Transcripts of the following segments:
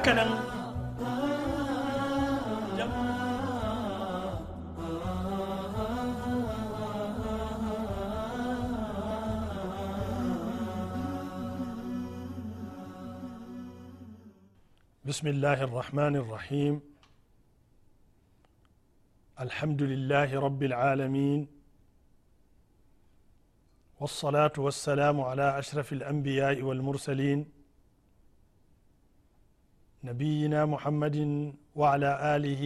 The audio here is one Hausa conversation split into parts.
haka nan بسم الله الرحمن الرحيم الحمد لله رب العالمين والصلاه والسلام على اشرف الانبياء والمرسلين نبينا محمد وعلى آله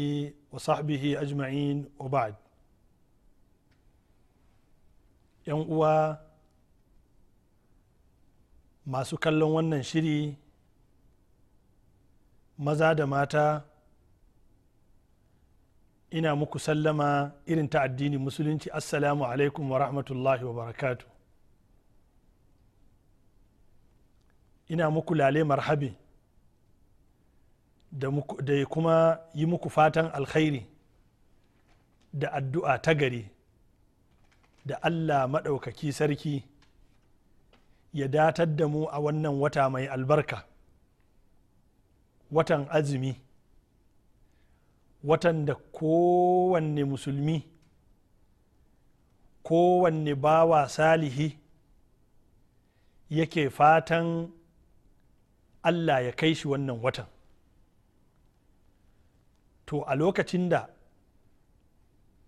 وصحبه أجمعين وبعد uwa masu kallon wannan shiri maza da mata ina muku sallama irin ta addini musulunci assalamu alaikum wa rahmatullahi wa barakatu ina muku lale marhabi da kuma yi muku fatan alkhairi da addu'a ta gari da allah maɗaukaki sarki ya datar da mu a wannan wata mai albarka watan azumi watan da kowanne musulmi kowanne bawa salihi yake fatan allah ya kai shi wannan watan to a lokacin da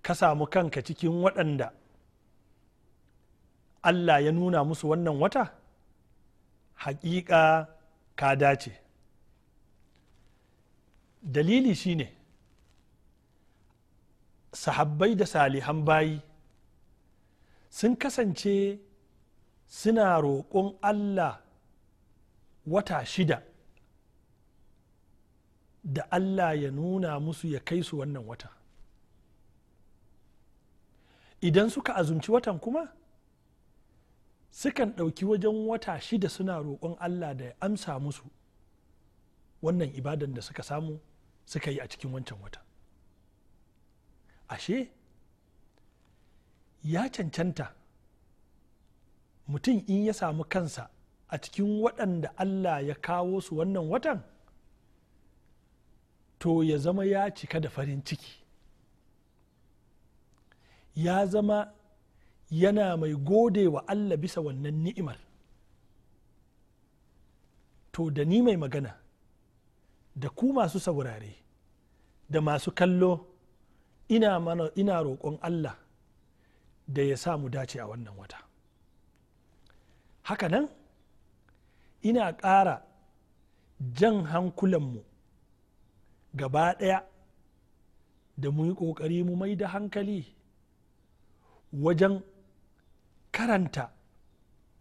ka samu kanka cikin waɗanda allah ya nuna musu wannan wata haƙiƙa ka dace dalili shine sahabbai da salihan bayi sun kasance suna roƙon allah wata shida da allah ya nuna musu ya kai su wannan wata idan suka azumci watan kuma sukan ɗauki wajen wata shida suna roƙon allah da ya amsa musu wannan ibadan da suka samu suka yi a cikin wancan wata ashe ya cancanta mutum in ya samu kansa a cikin waɗanda allah ya kawo su wannan watan to ya zama ya cika da farin ciki ya zama yana mai gode wa allah bisa wannan ni'imar to da ni mai magana da ku masu saurare da masu kallo ina ina roƙon allah da ya sa mu dace a wannan wata haka nan ina ƙara jan hankulanmu gaba ɗaya da mu yi ƙoƙari mu mai da hankali wajen karanta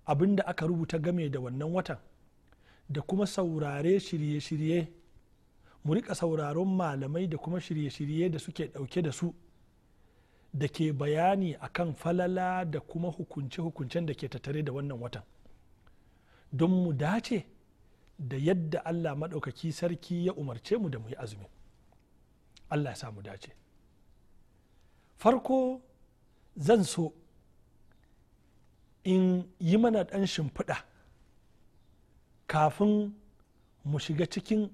abin da aka rubuta game da wannan watan da kuma saurare shirye-shirye mu rika sauraron malamai da kuma shirye-shirye da suke ɗauke da su da ke bayani akan falala da kuma hukunce-hukuncen da ke tattare da wannan watan don mu dace da yadda allah maɗaukaki sarki ya umarce mu da mu yi azumi allah ya samu dace farko zan so in yi mana ɗan shimfiɗa kafin mu shiga cikin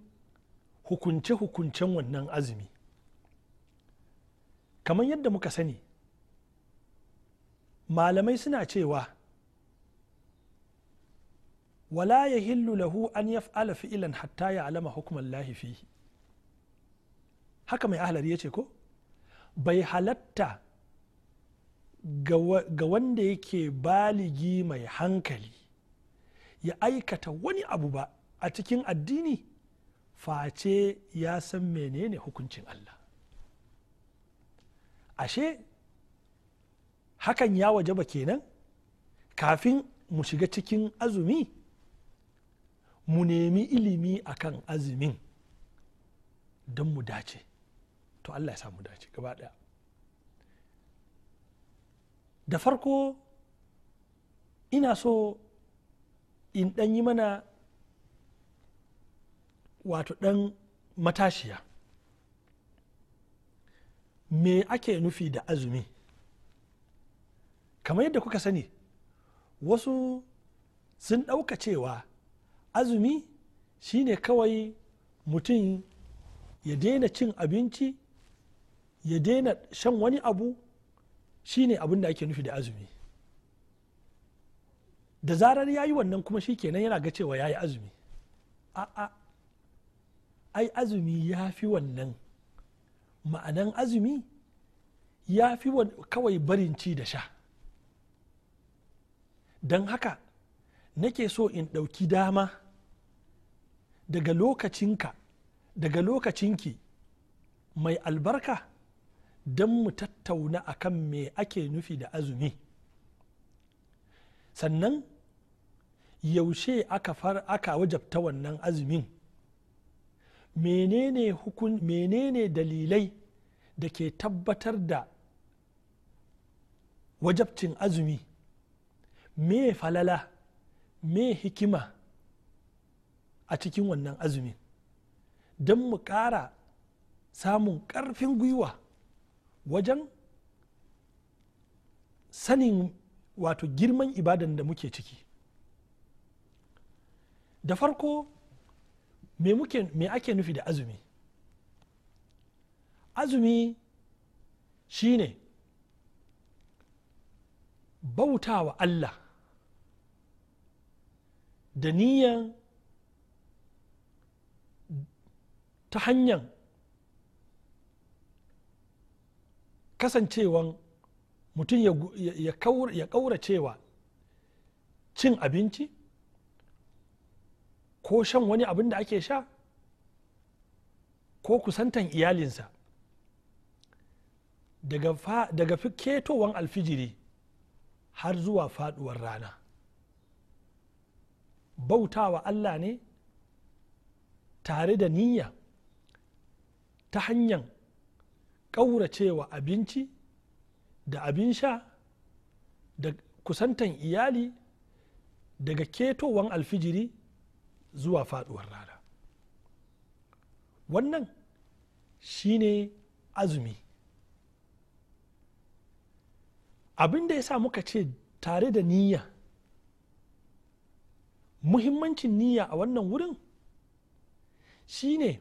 hukunce-hukuncen wannan azumi kamar yadda muka sani malamai suna cewa wala ya hillu lahu an yaf'ala fi'lan hatta ya alama hukman lahifi haka mai ahlari ya ce ko bai halatta ga wanda yake baligi mai hankali ya aikata wani abu ba a cikin addini face ya san menene hukuncin Allah ashe hakan ya waje ba kenan kafin mu shiga cikin azumi mu nemi ilimi akan azumin don mu dace to allah ya sa mu dace gaba daya da farko ina so in ɗan yi mana wato ɗan matashiya me ake nufi da azumi kamar yadda kuka sani wasu sun ɗauka cewa azumi shine kawai mutum ya daina cin abinci ya daina shan wani abu shine abin da ake nufi da azumi da zarar ya yi wannan kuma shi kenan yana ga cewa ya yi azumi a'a ai azumi ya fi wannan ma'anan azumi ya fi kawai barin ci da sha don haka nake so in ɗauki dama daga lokacinka daga lokacinki mai albarka don mu tattauna akan me ake nufi da azumi sannan yaushe aka far aka wajabta wannan azumin menene hukun menene dalilai da ke tabbatar da wajabcin azumi me falala me hikima a cikin wannan azumin don mu ƙara samun ƙarfin gwiwa wajen sanin wato girman ibadan da muke ciki da farko me ake nufi da azumi azumi shine bautawa allah da niyan ta hanyar kasancewan mutum ya ƙauracewa cin abinci ko shan wani abin da ake sha ko kusantan iyalinsa daga fi ketowan alfijiri har zuwa faduwar rana bautawa allah ne tare da niyya ta hanyar ƙauracewa abinci da abin sha da kusantan iyali daga ketowan alfijiri zuwa faɗuwar rana wannan shine azumi abin da ya sa muka ce tare da niyya muhimmancin niyya a wannan wurin shine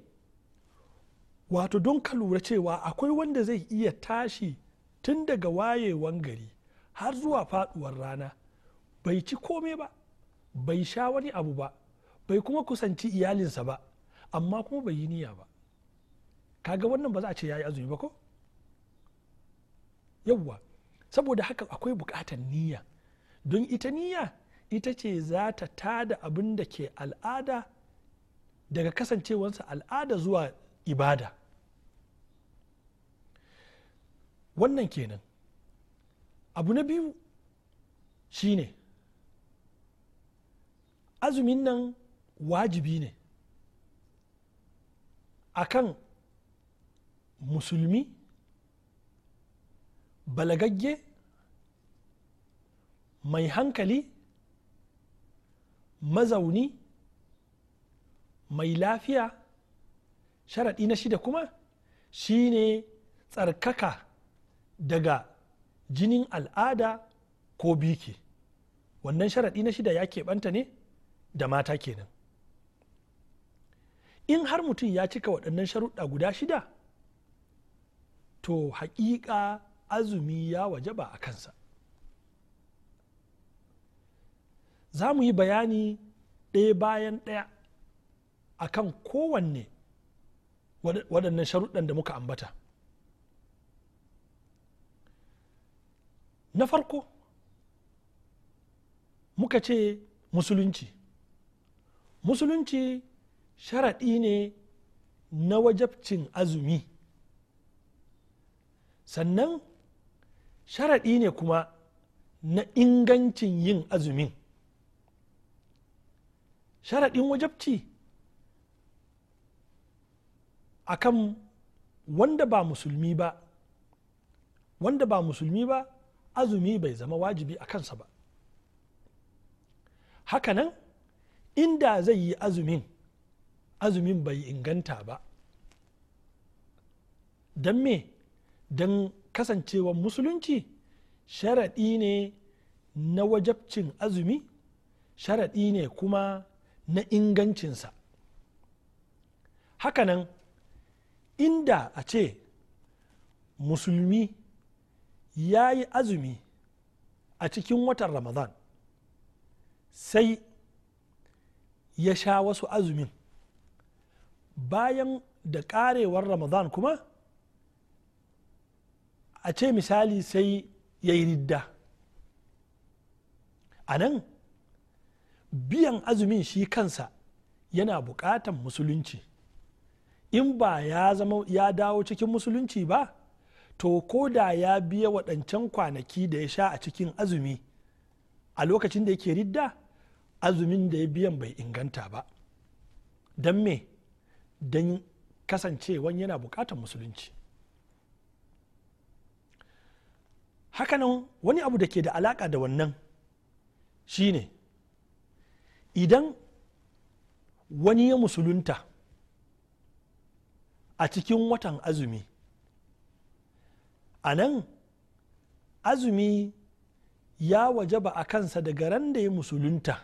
wato don ka lura cewa akwai wanda zai iya tashi tun daga wayewan gari har zuwa faduwar rana bai ci kome ba bai sha wani abu ba bai kuma kusanci iyalinsa ba amma kuma bai yi niyya ba kaga wannan ba za a ce ya yi azumi ba ko yawwa saboda haka akwai bukatar niyya don ita niyya ita ce za ta tada abin da ke al'ada daga kasancewarsa al'ada zuwa ibada wannan kenan abu na biyu shine azumin nan wajibi ne akan musulmi balagagge mai hankali mazauni mai lafiya sharaɗi na shida kuma shine tsarkaka daga jinin al'ada ko biki wannan sharaɗi na shida ya keɓanta ne da mata kenan in har mutum ya cika waɗannan sharuɗa guda shida to haƙiƙa azumi ya wajaba a kansa za mu yi bayani ɗaya bayan ɗaya a kan kowanne waɗannan sharuɗan da muka ambata na farko muka ce musulunci musulunci sharaɗi ne na wajabcin azumi sannan sharaɗi ne kuma na ingancin yin azumin sharaɗin wajabci akan wanda ba musulmi ba wanda ba musulmi ba azumi bai zama wajibi a kansa ba hakanan inda zai yi azumin azumin bai inganta ba don me don kasancewa musulunci sharaɗi ne na wajabcin azumi sharaɗi ne kuma na ingancinsa hakanan inda a ce musulmi ya yi azumi a cikin watan ramadan sai ya sha wasu azumin bayan da karewar ramadan kuma a ce misali sai ya yi ridda a nan biyan azumin shi kansa yana bukatan musulunci in ba ya zama ya dawo cikin musulunci ba to ko da ya biya waɗancan kwanaki da ya sha a cikin azumi a lokacin da yake ridda azumin da ya biyan bai inganta ba don me don kasancewan yana bukatar musulunci hakanan wani abu da ke da alaka da wannan shine idan wani ya musulunta a cikin watan azumi a nan azumi ya wajaba a kansa daga ran da ya musulunta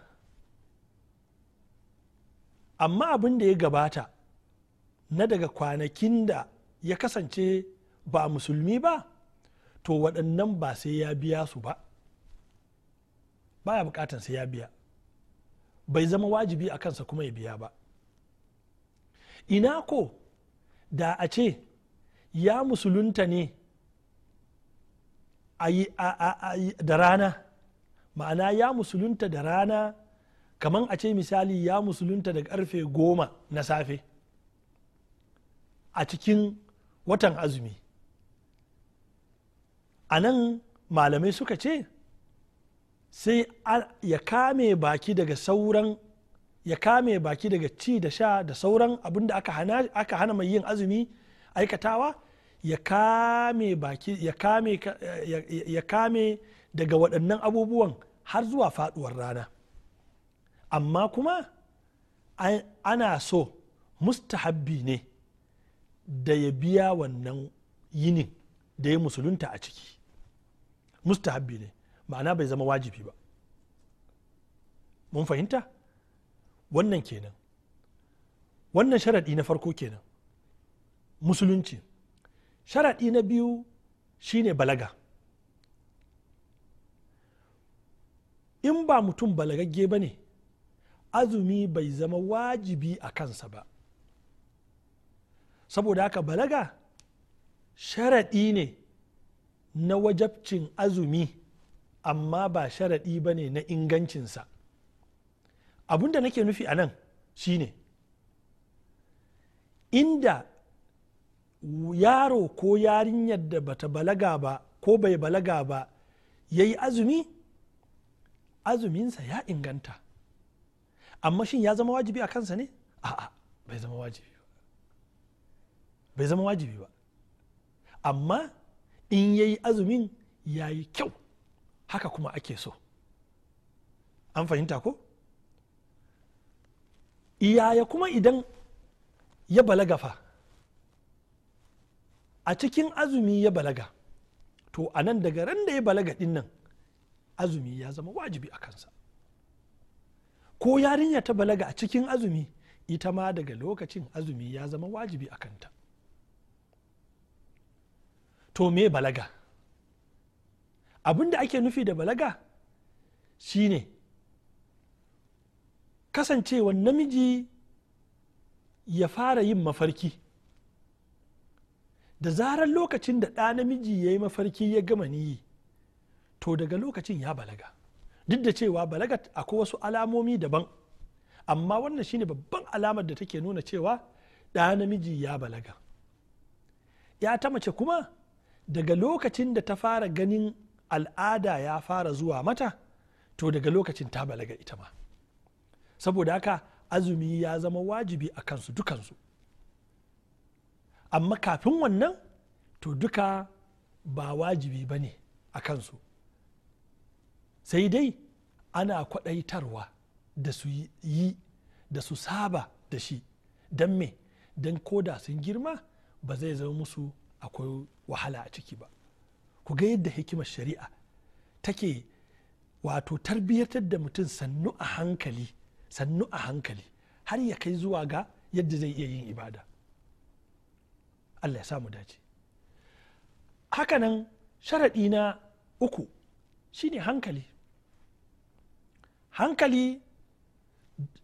amma abin da ya gabata na daga kwanakin da ya kasance ba musulmi ba to waɗannan ba sai ya biya su ba Ba ya bukatan sai ya biya bai zama wajibi a kansa kuma ya biya ba ina ko da a ce ya musulunta ne a da rana ma'ana ya musulunta da rana kamar a ce misali ya musulunta da karfe goma na safe a cikin watan azumi a nan malamai suka ce sai ya kame baki daga sauran ya kame baki daga ci da sha da sauran abinda aka hana mai yin azumi aikatawa ya kame daga waɗannan abubuwan har zuwa faɗuwar rana amma kuma ana so mustahabbi ne da ya biya wannan yinin da ya musulunta a ciki mustahabbi ne ma'ana bai zama wajibi ba mun fahimta wannan kenan wannan sharaɗi na farko kenan musulunci sharaɗi na biyu shine balaga in ba mutum balagagge ba ne azumi bai zama wajibi a kansa ba saboda haka balaga sharaɗi ne na wajabcin azumi amma ba sharaɗi ba ne na ingancinsa abinda nake nufi a nan shine inda yaro ko yarinyar da bata balaga ba ko bai balaga ba ya yi azumi azuminsa ya inganta amma shin ya zama wajibi a kansa ne a'a bai zama wajibi ba bai zama wajibi ba amma in ya yi azumin ya yi kyau haka kuma ake so an fahimta ko iyaya kuma idan ya balaga fa a cikin azumi ya balaga to a nan daga ran da ya balaga din nan azumi ya zama wajibi a kansa ko yarinya ta balaga a cikin azumi ita ma daga lokacin azumi ya zama wajibi a kanta to me balaga abin da ake nufi da balaga shine kasancewa namiji ya fara yin mafarki da zarar lokacin da ɗa namiji ya yi mafarki ya gama niyi to daga lokacin ya balaga duk da cewa balaga akwai wasu alamomi daban amma wannan shine babban alamar da take nuna cewa ɗa namiji ya balaga ya ta mace kuma daga lokacin da ta fara ganin al'ada ya fara zuwa mata to daga lokacin ta balaga ita ma saboda haka azumi ya zama wajibi a kansu dukansu amma kafin wannan to duka ba wajibi ba ne a kansu sai dai ana kwaɗaitarwa da su yi da su saba da shi don me don koda sun girma ba zai zama musu akwai wahala a ciki ba ku ga yadda hikimar shari'a take wato tarbiyyatar da mutum sannu a hankali sannu a hankali har ya kai zuwa ga yadda zai iya yin ibada allah ya samu dace hakanan sharaɗi na uku shine hankali hankali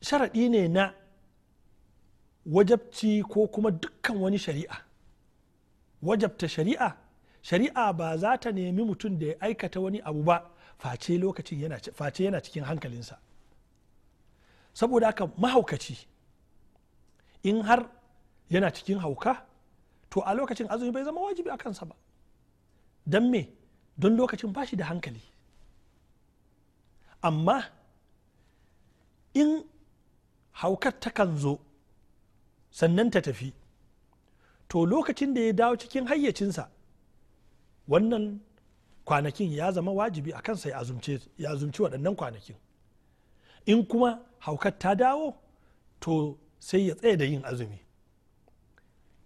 sharaɗi ne na wajabci ko kuma dukkan wani shari'a wajabta shari'a shari'a ba za ta nemi mutum da ya aikata wani abu ba face lokacin face yana cikin hankalinsa saboda haka mahaukaci in har yana cikin hauka to a lokacin azumi bai zama wajibi a kansa ba don me don lokacin ba shi da hankali amma in haukar takan zo sannan ta tafi to lokacin da ya dawo cikin hayyacinsa wannan kwanakin ya zama wajibi a kansa ya azumci waɗannan kwanakin in kuma haukar ta dawo to sai ya tsaye da yin azumi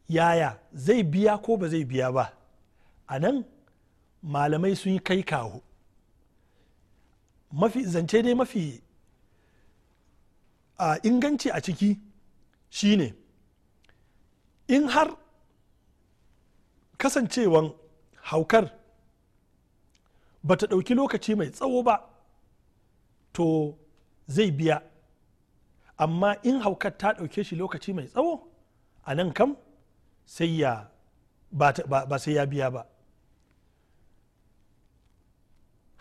yaya zai biya ko ba zai biya ba a nan malamai sun yi kai kawo mafi zance dai mafi a inganci a ciki shine in har kasancewan haukar ba ta ɗauki lokaci mai tsawo ba to zai biya amma in haukar ta ɗauke shi lokaci mai tsawo a nan kam sai ya ba sai ya biya ba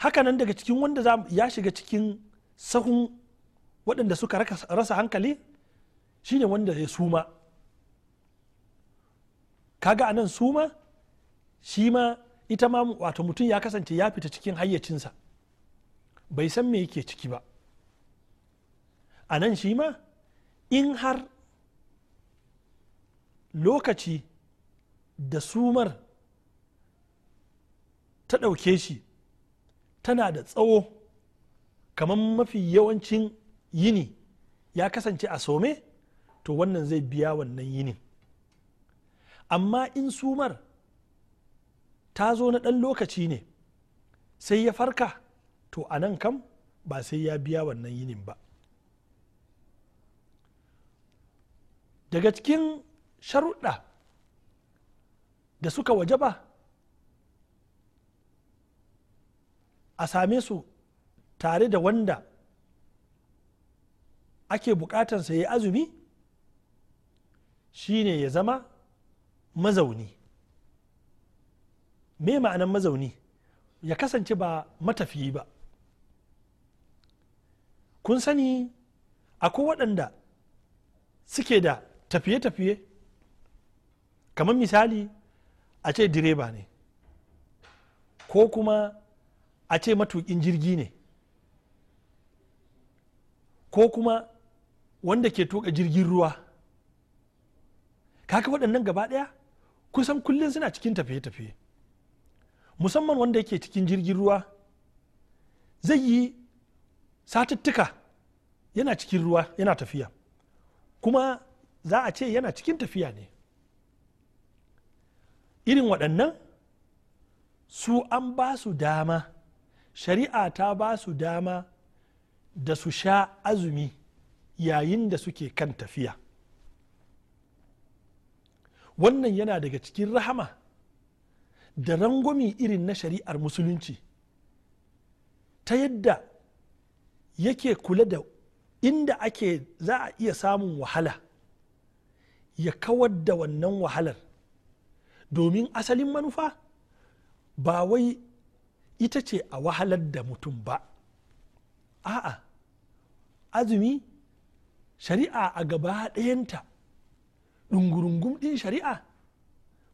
hakanan daga cikin wanda ya shiga cikin sahun waɗanda suka rasa hankali shine wanda ya suma kaga anan suma shi ma ita ma wato mutum ya kasance ya fita cikin hayyacinsa bai san me yake ciki ba a nan shi ma in har lokaci da sumar ta ɗauke shi tana da tsawo kamar mafi yawancin yini ya kasance a some to wannan zai biya wannan yini amma in sumar ta zo na ɗan lokaci ne sai ya farka to a nan kam ba sai ya biya wannan yinin ba daga cikin sharuɗa da suka wajaba a same su tare da wanda ake bukatansa ya yi azumi shine ya zama mazauni me ma'anan mazauni ya kasance ba matafiyi ba kun sani akwai waɗanda suke da tafiye-tafiye kamar misali a ce direba ne ko kuma a ce matukin jirgi ne ko kuma wanda ke tuka jirgin ruwa kaka waɗannan gaba ɗaya kusan kullum suna cikin tafiye-tafiye musamman wanda yake cikin jirgin ruwa zai yi satuttuka yana cikin ruwa yana tafiya kuma za a ce yana cikin tafiya ne irin waɗannan su an ba su dama shari'a ta ba su dama da su sha azumi yayin da suke kan tafiya wannan yana daga cikin rahama da rangwami irin na shari'ar musulunci ta yadda yake kula da inda ake za a iya samun wahala ya kawar da wannan wahalar domin asalin manufa ba wai ita ce a wahalar da mutum ba a'a azumi shari'a a gaba ɗayanta ɗungurungum ɗin shari'a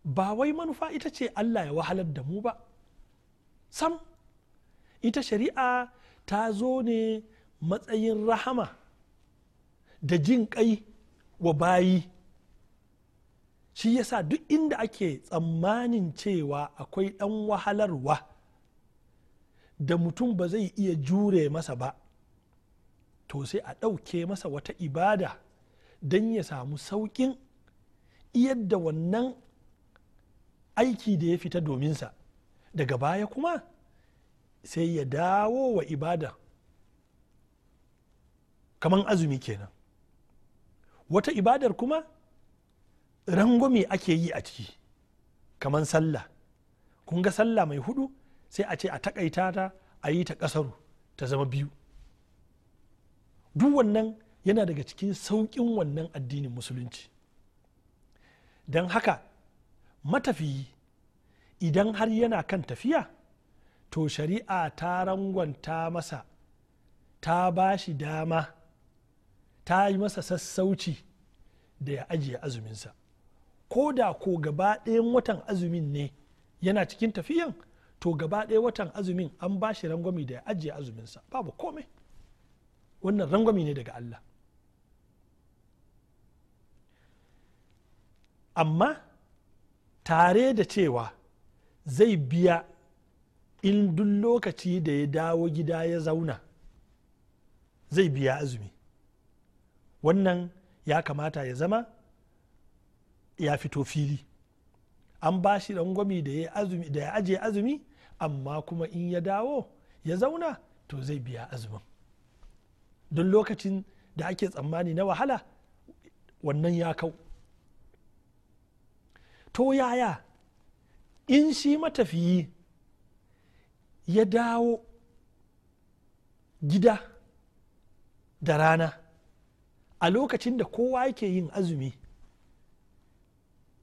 ba wai manufa ita ce allah ya wahalar da mu ba sam ita shari'a ta zo ne matsayin rahama da jin ƙai wa bayi shi yasa duk inda ake tsammanin cewa akwai ɗan wahalarwa da mutum ba zai iya jure masa ba to sai a ɗauke masa wata ibada don ya samu sauƙin yadda wannan aiki da ya fita sa, daga baya kuma sai ya dawo wa ibada kamar azumi kenan wata ibadar kuma rangwame ake yi a ciki kamar sallah kun ga sallah mai hudu sai a ce a takaita ta a yi ta kasaru ta zama biyu duk wannan yana daga cikin sauƙin wannan addinin musulunci don haka matafiyi idan har yana kan tafiya to shari'a ta rangwanta masa ta ba shi dama ta yi masa sassauci da ya ajiye azuminsa ko da ko gaba ɗayan watan azumin ne yana cikin tafiyan to gaba ɗaya watan azumin an ba shi rangwami da ya ajiye azuminsa babu komai wannan rangwami ne daga Allah amma tare da cewa zai biya in duk lokaci da ya dawo gida ya zauna zai biya azumi wannan ya kamata ya zama ya fito fili an ba shi rangwami da ya ajiye azumi amma kuma in ya dawo ya zauna to zai biya azumin don lokacin da ake tsammani na wahala wannan ya kau to yaya in shi matafiyi ya dawo gida da rana a lokacin da kowa yake yin azumi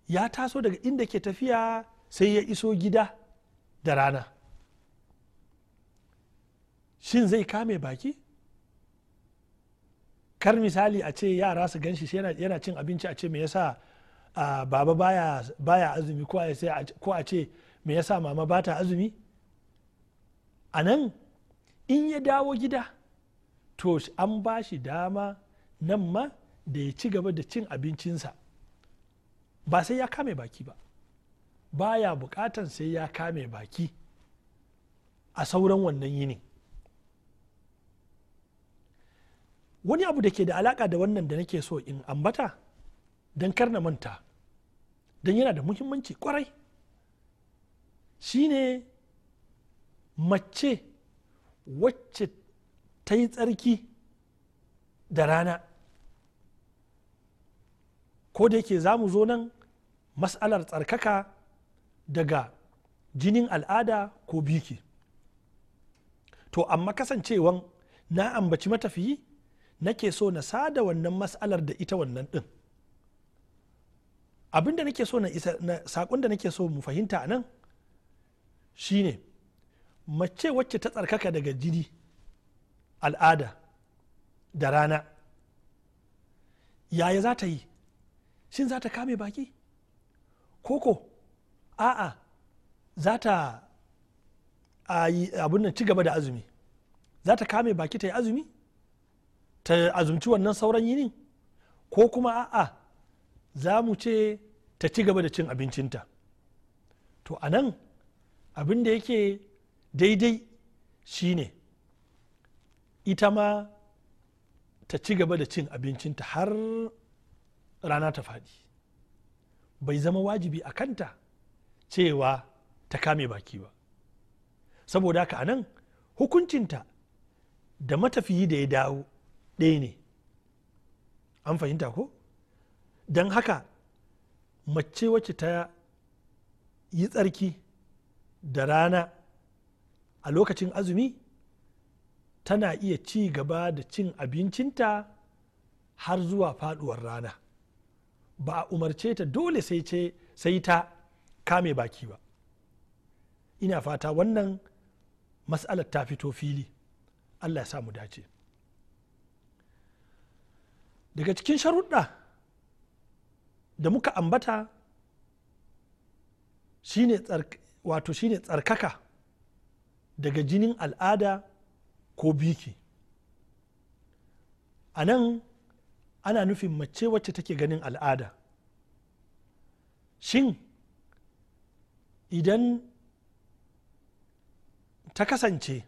ya taso daga inda ke tafiya sai ya iso gida da rana shin zai kame baki kar misali a ce yara su ganshi yana cin abinci a ce me yasa baba baya, azumi ko a ce me yasa mama bata azumi a nan in ya dawo gida to an ba shi dama nan ma da ya ci gaba da cin abincinsa ba sai ya kame baki ba baya bukatan sai ya kame baki a sauran wannan yini wani abu da ke da alaka da wannan da nake so in ambata don kar na manta don yana da muhimmanci kwarai shine mace wacce ta yi tsarki da rana ko da yake za mu zo nan mas'alar tsarkaka daga jinin al'ada ko biki to amma kasancewan na ambaci matafiyi nake so na sada wannan mas'alar da ita wannan din abin da nake so na isa na sakon da nake so mu fahimta a nan shine mace wacce ta tsarkaka daga jini al'ada da rana yaya za ta yi shin za ta kame baki koko a'a za ta abin nan ci gaba da azumi za ta kame baki ta yi azumi ta azumci wannan sauran yini ko kuma a'a za mu ce ta ci gaba da cin abincinta to a nan abin da yake daidai shine ita ma ta ci gaba da cin abincinta har rana ta faɗi bai zama wajibi a kanta cewa ta kame baki ba saboda haka anan hukuncinta da matafiyi da ya dawo ɗaya ne an fahimta ko don haka mace wacce ta yi tsarki da rana a lokacin azumi tana iya ci gaba da cin abincinta har zuwa faduwar rana ba a umarce ta dole sai ce sai ta kame baki ba ina fata wannan matsalar ta fito fili allah ya mu dace daga cikin sharuɗa da muka ambata shine wato shine tsarkaka daga jinin al'ada ko biki a nan ana nufin mace wacce take ganin al'ada shin idan ta kasance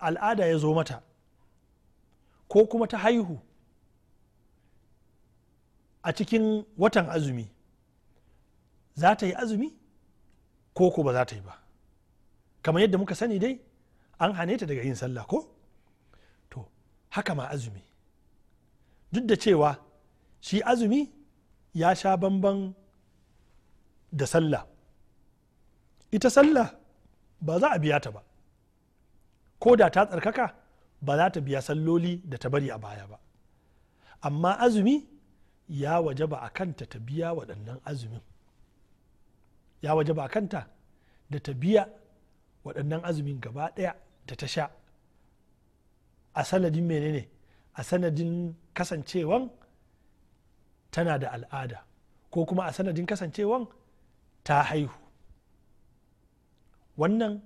al'ada ya zo mata ko kuma ta haihu a cikin watan azumi za ta yi azumi ko ko ba za ta yi ba kamar yadda muka sani dai an hane ta daga yin sallah ko haka ma azumi duk da cewa shi azumi ya sha bamban da sallah ita sallah ba za a biya ta ba ko da ta tsarkaka ba za ta biya salloli da ta bari a baya ba amma azumi ya waje ba a kanta ta biya waɗannan azumin ya waje ba a kanta da ta biya waɗannan azumin gaba ɗaya da ta sha a sanadin menene a sanadin kasancewan tana da al'ada ko kuma a sanadin kasancewan ta haihu wannan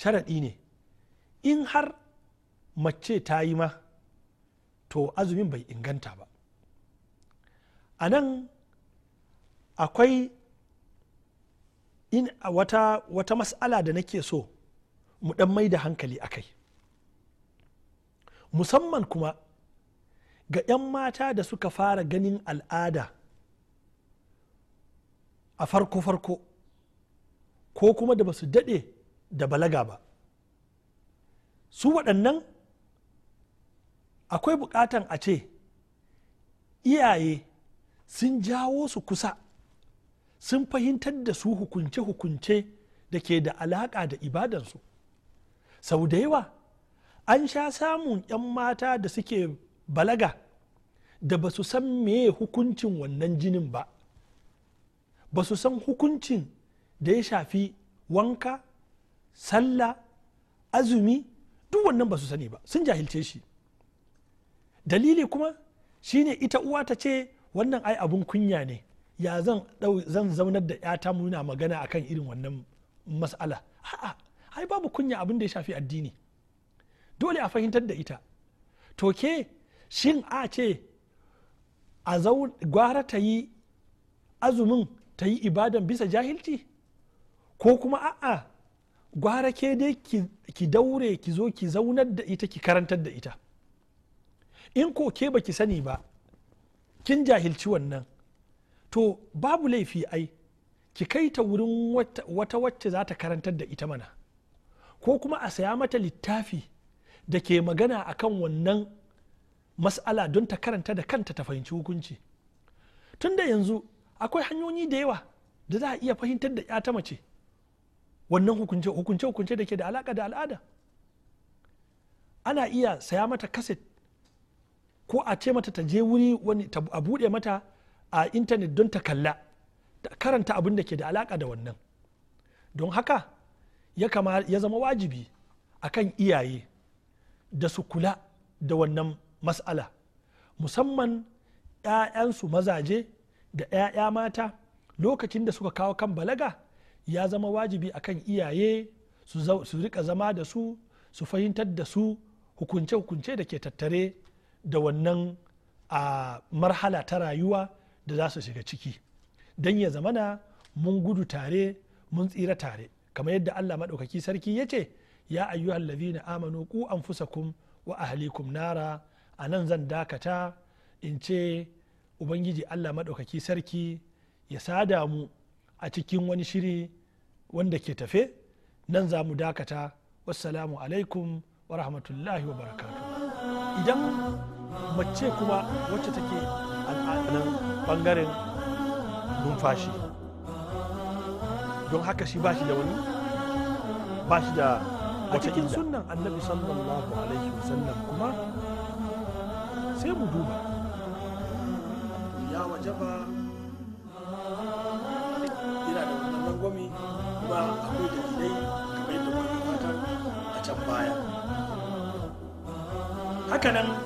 sharaɗi ne in har mace ta yi ma to azumin bai inganta ba a nan akwai in wata, wata mas'ala da nake so mu ɗan mai da hankali akai musamman kuma ga 'yan mata da suka fara ganin al'ada a farko-farko ko kuma da ba su daɗe da balaga ba su waɗannan akwai buƙatan a ce iyaye sun jawo su kusa sun fahimtar da su hukunce-hukunce da ke da alaƙa da ibadansu sau da yawa an sha samun 'yan mata da suke balaga da ba su san meye hukuncin wannan jinin ba ba su san hukuncin da ya shafi wanka sallah azumi duk wannan ba su sani ba sun jahilce shi dalili kuma shine ita uwa ta ce wannan ai abun kunya ne ya zan zan zaunar da 'yata muna magana akan irin wannan mas'ala a'a ai babu kunya abin da ya shafi addini dole a fahimtar da ita to ke shin a ce a gwara ta yi azumin ta yi ibadan bisa jahilci ko kuma a'a gwara ke dai ki daure ki zo ki zaunar da ita ki karantar da ita in ko ke ki sani ba kin jahilci wannan to babu laifi ai ki kai ta wurin wata wacce za ta karantar da ita mana ko kuma a saya mata littafi da ke magana a kan wannan mas'ala don ta karanta da kanta ta fahimci hukunci tun da yanzu akwai hanyoyi da yawa da za a iya fahimtar da ya ta mace wannan hukunce-hukunce da ke da alaka da al'ada ana iya saya mata kaset ko a ce mata ta je wuri wani a buɗe mata a intanet don ta kalla ta karanta abin da ke da alaka da wannan don haka ya zama wajibi akan iyaye da su kula da wannan mas'ala musamman 'ya'yansu mazaje da 'ya'ya mata lokacin da suka kawo kan balaga ya zama wajibi akan iyaye su rika zama da su su fahimtar da su hukunce-hukunce da ke tattare da wannan a marhala ta rayuwa da za su shiga ciki don ya zamana mun gudu tare mun tsira tare kamar yadda allah maɗaukaki sarki ya ce ya ayyuhal ladhina amanu ku kum wa kum nara a nan zan dakata in ce ubangiji Allah maɗaukaki sarki ya sada mu a cikin wani shiri wanda ke tafe nan za mu dakata wassalamu alaikum wa rahmatullahi wa barakatu idan mace kuma wacce take al'adunan bangaren numfashi don haka shi ba shi da wani ba shi da a cikin sunan annabi sallallahu alaihi wasallam kuma sai mu duba ya waje ba yana da wannan rangwami ba da dalilai kamar yadda muka a can baya hakanan